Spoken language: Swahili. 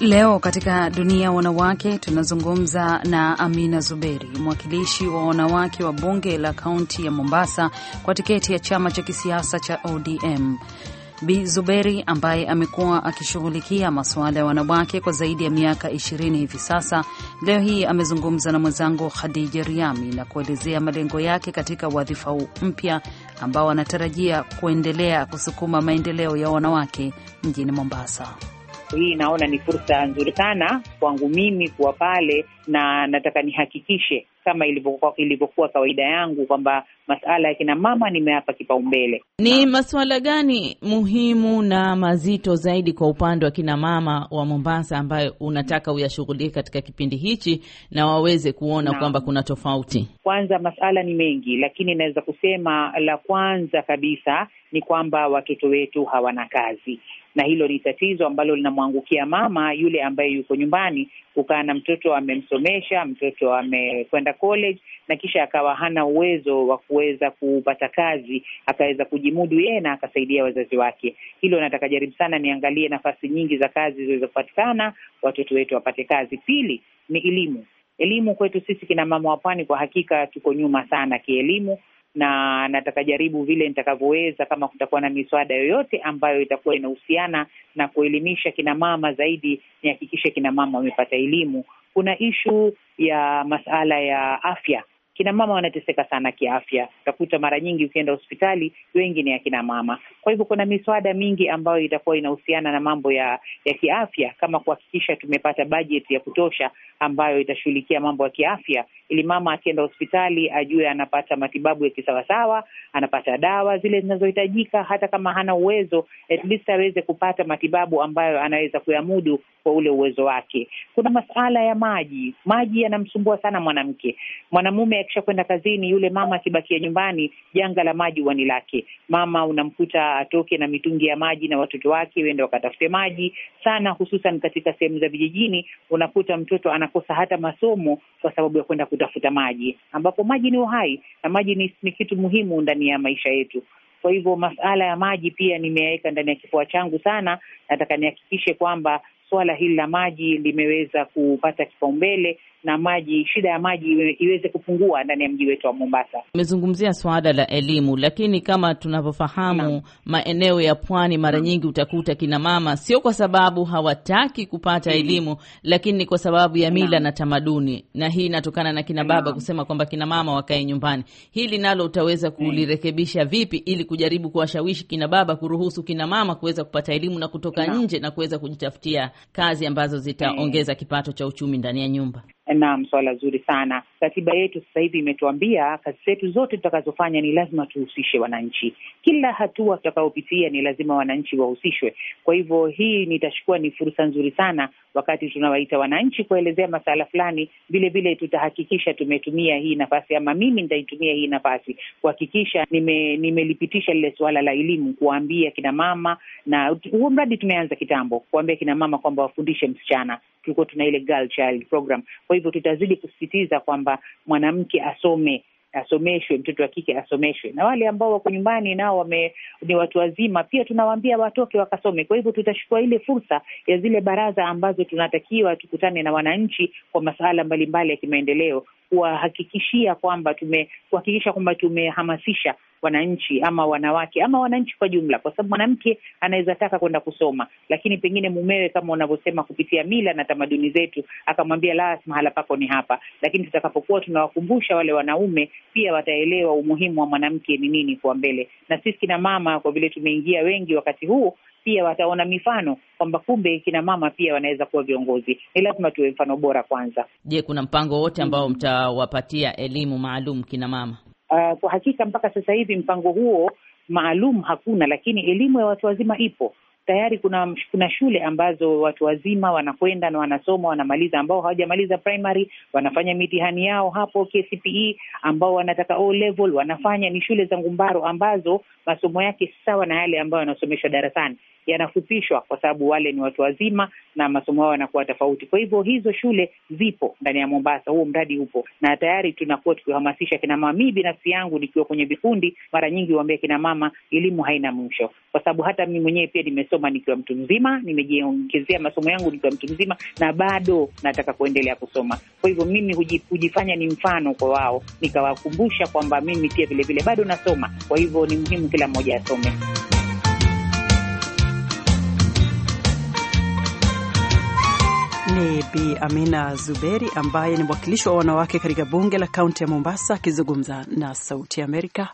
Leo katika dunia ya wanawake tunazungumza na Amina Zuberi, mwakilishi wa wanawake wa bunge la kaunti ya Mombasa kwa tiketi ya chama cha kisiasa cha ODM. Bi Zuberi ambaye amekuwa akishughulikia masuala ya wanawake kwa zaidi ya miaka ishirini hivi sasa, leo hii amezungumza na mwenzangu Khadija Riami na kuelezea malengo yake katika wadhifa mpya ambao anatarajia kuendelea kusukuma maendeleo ya wanawake mjini Mombasa hii naona ni fursa nzuri sana kwangu mimi kuwa pale, na nataka nihakikishe kama ilivyokuwa kawaida yangu kwamba masuala ya kina mama nimeyapa kipaumbele. Ni masuala gani muhimu na mazito zaidi kwa upande wa kina mama wa Mombasa ambayo unataka uyashughulie katika kipindi hichi na waweze kuona kwamba kuna tofauti? Kwanza, masuala ni mengi, lakini naweza kusema la kwanza kabisa ni kwamba watoto wetu hawana kazi na hilo ni tatizo ambalo linamwangukia mama yule ambaye yuko nyumbani, kukaa na mtoto, amemsomesha mtoto, amekwenda college na kisha akawa hana uwezo wa kuweza kupata kazi, akaweza kujimudu yeye na akasaidia wazazi wake. Hilo nataka jaribu sana niangalie nafasi nyingi za kazi ziweze kupatikana, watoto wetu wapate kazi. Pili ni elimu. Elimu kwetu sisi kina mama wa pwani, kwa hakika tuko nyuma sana kielimu na nataka jaribu vile nitakavyoweza, kama kutakuwa na miswada yoyote ambayo itakuwa inahusiana na kuelimisha kina mama zaidi, nihakikishe kina mama wamepata elimu kuna ishu ya masala ya afya Kina mama wanateseka sana kiafya, utakuta mara nyingi ukienda hospitali wengi ni akina mama. Kwa hivyo kuna miswada mingi ambayo itakuwa inahusiana na mambo ya ya kiafya, kama kuhakikisha tumepata bajeti ya kutosha ambayo itashughulikia mambo ya kiafya, ili mama akienda hospitali ajue anapata matibabu ya kisawasawa, anapata dawa zile zinazohitajika, hata kama hana uwezo, at least aweze kupata matibabu ambayo anaweza kuyamudu kwa ule uwezo wake. Kuna masala ya maji, maji yanamsumbua sana mwanamke, mwanamume kwenda kazini, yule mama akibakia nyumbani, janga la maji huwa ni lake. Mama unamkuta atoke na mitungi ya maji na watoto wake wende wakatafute maji sana, hususan katika sehemu za vijijini, unakuta mtoto anakosa hata masomo kwa sababu ya kwenda kutafuta maji, ambapo maji ni uhai na maji ni, ni kitu muhimu ndani ya maisha yetu. Kwa hivyo masala ya maji pia nimeyaweka ndani ya kifua changu sana. Nataka nihakikishe kwamba suala hili la maji limeweza kupata kipaumbele na maji, shida ya maji iweze kupungua ndani ya mji wetu wa Mombasa. Umezungumzia suala la elimu, lakini kama tunavyofahamu, maeneo ya pwani mara nyingi utakuta kina mama, sio kwa sababu hawataki kupata mm-hmm. elimu, lakini kwa sababu ya mila na, na tamaduni, na hii inatokana na kina baba kusema kwamba kina mama wakae nyumbani. Hili nalo utaweza mm. kulirekebisha vipi ili kujaribu kuwashawishi kina baba kuruhusu kina mama kuweza kupata elimu na kutoka na nje na kuweza kujitafutia kazi ambazo zitaongeza mm. kipato cha uchumi ndani ya nyumba? Naam, swala zuri sana. Katiba yetu sasa hivi imetuambia kazi zetu zote tutakazofanya ni lazima tuhusishe wananchi. Kila hatua tutakayopitia ni lazima wananchi wahusishwe. Kwa hivyo, hii nitachukua ni fursa nzuri sana, wakati tunawaita wananchi kuelezea masala fulani, vilevile tutahakikisha tumetumia hii nafasi, ama mimi nitaitumia hii nafasi kuhakikisha nime, nimelipitisha lile suala la elimu, kuwaambia kina mama, na huo mradi tumeanza kitambo, kuwaambia kinamama kwamba wafundishe msichana. Tulikuwa tuna ile girl child program kwa hivyo tutazidi kusisitiza kwamba mwanamke asome asomeshwe mtoto wa kike asomeshwe, na wale ambao wako nyumbani nao wame, ni watu wazima pia tunawaambia watoke wakasome. Kwa hivyo tutachukua ile fursa ya zile baraza ambazo tunatakiwa tukutane na wananchi kwa masuala mbalimbali ya kimaendeleo, kuwahakikishia kwamba tume kuhakikisha kwamba tumehamasisha wananchi ama wanawake ama wananchi kwa jumla, kwa sababu mwanamke anaweza taka kwenda kusoma, lakini pengine mumewe, kama unavyosema, kupitia mila na tamaduni zetu, akamwambia la, mahala pako ni hapa. Lakini tutakapokuwa tunawakumbusha wale wanaume, pia wataelewa umuhimu wa mwanamke ni nini kwa mbele. Na sisi kina mama, kwa vile tumeingia wengi wakati huu, pia wataona mifano kwamba kumbe kina mama pia wanaweza kuwa viongozi. Ni lazima tuwe mfano bora kwanza. Je, kuna mpango wote ambao mm. mtawapatia elimu maalum kina mama? Uh, kwa hakika mpaka sasa hivi mpango huo maalum hakuna, lakini elimu ya watu wazima ipo tayari. Kuna kuna shule ambazo watu wazima wanakwenda na wanasoma, wanamaliza. Ambao hawajamaliza primary wanafanya mitihani yao hapo KCPE, ambao wanataka O level wanafanya. Ni shule za Ngumbaro ambazo masomo yake sawa na yale ambayo yanasomeshwa darasani yanafupishwa kwa sababu wale ni watu wazima na masomo yao yanakuwa tofauti. Kwa hivyo hizo shule zipo ndani ya Mombasa, huo mradi upo na tayari tunakuwa tukihamasisha kinamama. Mii binafsi yangu nikiwa kwenye vikundi, mara nyingi huambia kinamama elimu haina mwisho, kwa sababu hata mi mwenyewe pia nimesoma nikiwa mtu mzima, nimejiongezea masomo yangu nikiwa mtu mzima, na bado nataka kuendelea kusoma. Kwa hivyo mimi hujifanya ni mfano kwa wao, nikawakumbusha kwamba mimi pia vilevile bado nasoma. Kwa hivyo ni muhimu kila mmoja asome. ni Bi Amina Zuberi ambaye ni mwakilishi wa wanawake katika bunge la kaunti ya Mombasa akizungumza na Sauti ya Amerika